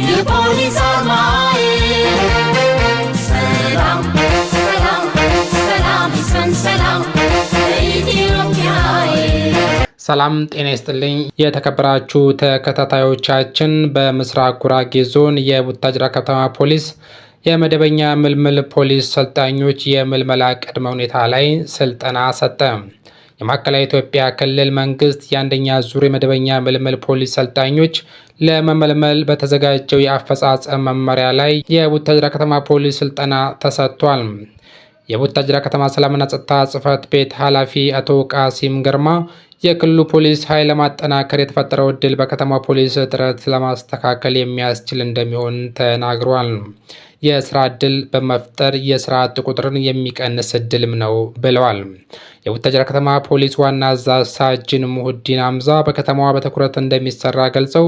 ሰላም ሰላም ጤና ይስጥልኝ። የተከበራችሁ ተከታታዮቻችን በምስራቅ ጉራጌ ዞን የቡታጅራ ከተማ ፖሊስ የመደበኛ ምልምል ፖሊስ ሰልጣኞች የምልመላ ቅድመ ሁኔታ ላይ ስልጠና ሰጠ። የማዕከላዊ ኢትዮጵያ ክልል መንግስት የአንደኛ ዙር የመደበኛ ምልምል ፖሊስ ሰልጣኞች ለመመልመል በተዘጋጀው የአፈጻጸም መመሪያ ላይ የቡታጅራ ከተማ ፖሊስ ስልጠና ተሰጥቷል። የቡታጅራ ከተማ ሰላምና ጸጥታ ጽህፈት ቤት ኃላፊ አቶ ቃሲም ገርማ የክልሉ ፖሊስ ኃይል ለማጠናከር የተፈጠረው እድል በከተማ ፖሊስ እጥረት ለማስተካከል የሚያስችል እንደሚሆን ተናግሯል። የስራ እድል በመፍጠር የስራ አጥ ቁጥርን የሚቀንስ እድልም ነው ብለዋል። የቡታጅራ ከተማ ፖሊስ ዋና አዛዥ ሳጅን ሙሁዲን አምዛ በከተማዋ በትኩረት እንደሚሰራ ገልጸው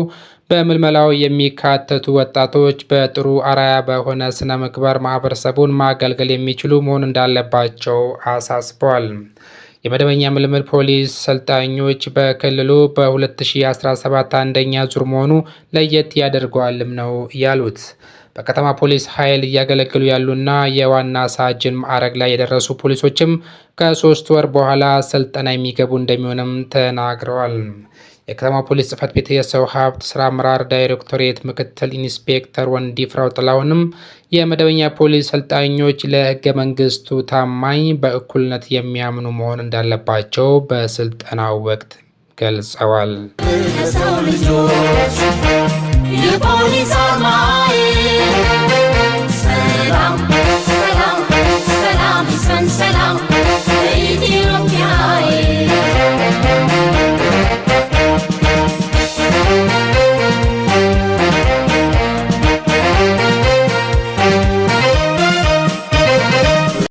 በምልመላው የሚካተቱ ወጣቶች በጥሩ አራያ በሆነ ስነ ምግባር ማህበረሰቡን ማገልገል የሚችሉ መሆን እንዳለባቸው አሳስበዋል። የመደበኛ ምልምል ፖሊስ ሰልጣኞች በክልሉ በ2017 አንደኛ ዙር መሆኑ ለየት ያደርገዋልም ነው ያሉት። በከተማ ፖሊስ ኃይል እያገለገሉ ያሉና የዋና ሳጅን ማዕረግ ላይ የደረሱ ፖሊሶችም ከሶስት ወር በኋላ ስልጠና የሚገቡ እንደሚሆንም ተናግረዋል። የከተማ ፖሊስ ጽሕፈት ቤት የሰው ሀብት ስራ አመራር ዳይሬክቶሬት ምክትል ኢንስፔክተር ወንዲ ፍራው ጥላሁንም የመደበኛ ፖሊስ ሰልጣኞች ለህገ መንግስቱ ታማኝ፣ በእኩልነት የሚያምኑ መሆን እንዳለባቸው በስልጠናው ወቅት ገልጸዋል።